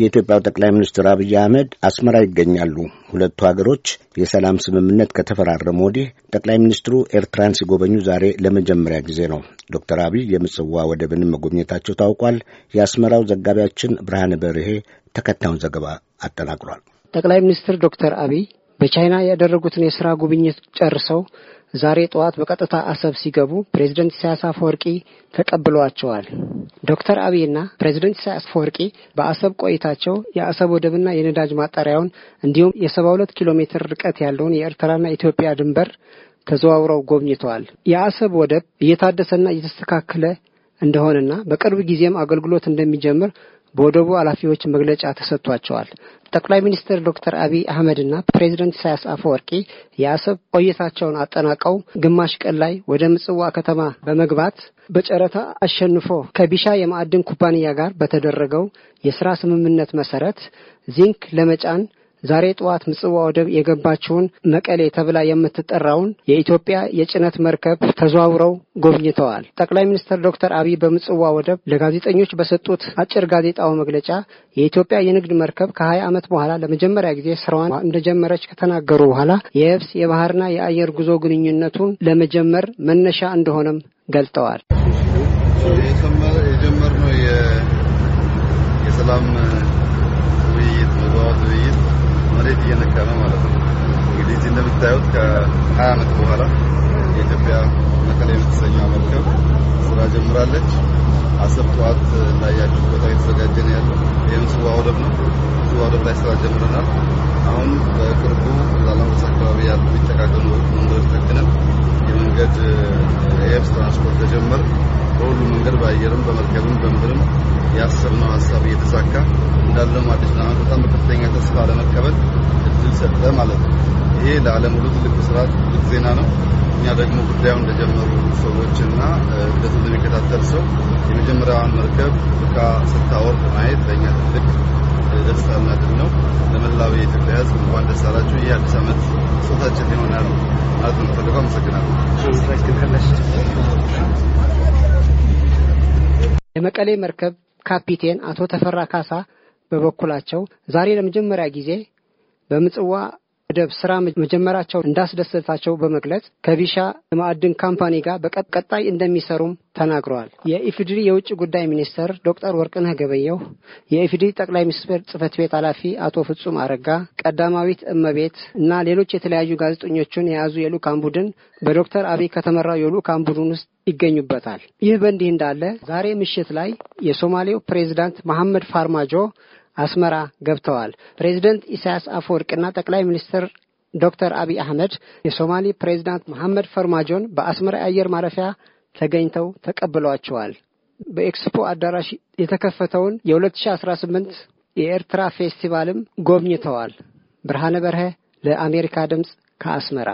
የኢትዮጵያው ጠቅላይ ሚኒስትር አብይ አህመድ አስመራ ይገኛሉ። ሁለቱ ሀገሮች የሰላም ስምምነት ከተፈራረሙ ወዲህ ጠቅላይ ሚኒስትሩ ኤርትራን ሲጎበኙ ዛሬ ለመጀመሪያ ጊዜ ነው። ዶክተር አብይ የምጽዋ ወደብንም መጎብኘታቸው ታውቋል። የአስመራው ዘጋቢያችን ብርሃነ በርሄ ተከታዩን ዘገባ አጠናቅሯል። ጠቅላይ ሚኒስትር ዶክተር አብይ በቻይና ያደረጉትን የስራ ጉብኝት ጨርሰው ዛሬ ጠዋት በቀጥታ አሰብ ሲገቡ ፕሬዝደንት ኢሳያስ አፈወርቂ ተቀብለዋቸዋል። ዶክተር አብይና ፕሬዝደንት ኢሳያስ አፈወርቂ በአሰብ ቆይታቸው የአሰብ ወደብና የነዳጅ ማጣሪያውን እንዲሁም የሰባ ሁለት ኪሎ ሜትር ርቀት ያለውን የኤርትራና ኢትዮጵያ ድንበር ተዘዋውረው ጎብኝተዋል። የአሰብ ወደብ እየታደሰና እየተስተካከለ እንደሆነና በቅርብ ጊዜም አገልግሎት እንደሚጀምር በወደቡ ኃላፊዎች መግለጫ ተሰጥቷቸዋል። ጠቅላይ ሚኒስትር ዶክተር አብይ አህመድና ፕሬዚደንት ኢሳያስ አፈወርቂ የአሰብ ቆይታቸውን አጠናቀው ግማሽ ቀን ላይ ወደ ምጽዋ ከተማ በመግባት በጨረታ አሸንፎ ከቢሻ የማዕድን ኩባንያ ጋር በተደረገው የስራ ስምምነት መሰረት ዚንክ ለመጫን ዛሬ ጠዋት ምጽዋ ወደብ የገባችውን መቀሌ ተብላ የምትጠራውን የኢትዮጵያ የጭነት መርከብ ተዘዋውረው ጎብኝተዋል። ጠቅላይ ሚኒስትር ዶክተር አብይ በምጽዋ ወደብ ለጋዜጠኞች በሰጡት አጭር ጋዜጣዊ መግለጫ የኢትዮጵያ የንግድ መርከብ ከሀያ ዓመት በኋላ ለመጀመሪያ ጊዜ ስራዋን እንደጀመረች ከተናገሩ በኋላ የየብስ የባህርና የአየር ጉዞ ግንኙነቱን ለመጀመር መነሻ እንደሆነም ገልጠዋል። የጀመርነው የሰላም እየነካ ነው ማለት ነው። እንግዲህ እዚህ እንደምታዩት ከሀያ ዓመት በኋላ የኢትዮጵያ መቀሌ የምትሰኘው መርከብ ስራ ጀምራለች። አሰብ ጠዋት እንዳያችሁ ቦታ የተዘጋጀ ነው ያለው። ይህም ስዋ ወደብ ነው። ስዋ ወደብ ላይ ስራ ጀምረናል። አሁን በቅርቡ ላላንበሳ አካባቢ ያሉ የሚጠጋገኑ መንገዶች ተክነን የመንገድ የብስ ትራንስፖርት ተጀመር በሁሉ መንገድ በአየርም በመርከብም በምድርም ያሰብነው ሀሳብ እየተሳካ እንዳለው አዲስ ዓመት በጣም በከፍተኛ ተስፋ ለመቀበል እድል ሰጠ ማለት ነው። ይሄ ለዓለም ሁሉ ትልቅ ብስራት፣ ትልቅ ዜና ነው። እኛ ደግሞ ጉዳዩ እንደጀመሩ ሰዎችና ሂደቱን ለሚከታተል ሰው የመጀመሪያዋን መርከብ ዕቃ ስታወርድ ማየት ለእኛ ትልቅ ደስታና ድል ነው። ለመላው የኢትዮጵያ ሕዝብ እንኳን ደስ አላችሁ። ይህ አዲስ ዓመት ስጦታችን ይሆናል ማለት ነው። ፈልገው አመሰግናለሁ። የመቀሌ መርከብ ካፒቴን አቶ ተፈራ ካሳ በበኩላቸው ዛሬ ለመጀመሪያ ጊዜ በምጽዋ መደብ ስራ መጀመራቸው እንዳስደሰታቸው በመግለጽ ከቢሻ ማዕድን ካምፓኒ ጋር በቀጣይ እንደሚሰሩም ተናግረዋል። የኢፍድሪ የውጭ ጉዳይ ሚኒስተር ዶክተር ወርቅነህ ገበየሁ፣ የኢፍድሪ ጠቅላይ ሚኒስትር ጽህፈት ቤት ኃላፊ አቶ ፍጹም አረጋ፣ ቀዳማዊት እመቤት እና ሌሎች የተለያዩ ጋዜጠኞችን የያዙ የልዑካን ቡድን በዶክተር አብይ ከተመራው የልዑካን ቡድን ውስጥ ይገኙበታል። ይህ በእንዲህ እንዳለ ዛሬ ምሽት ላይ የሶማሌው ፕሬዚዳንት መሐመድ ፋርማጆ አስመራ ገብተዋል። ፕሬዚደንት ኢሳያስ አፈወርቅና ጠቅላይ ሚኒስትር ዶክተር አብይ አህመድ የሶማሌ ፕሬዚዳንት መሐመድ ፈርማጆን በአስመራ የአየር ማረፊያ ተገኝተው ተቀብሏቸዋል። በኤክስፖ አዳራሽ የተከፈተውን የ2018 የኤርትራ ፌስቲቫልም ጎብኝተዋል። ብርሃነ በርሀ ለአሜሪካ ድምፅ ከአስመራ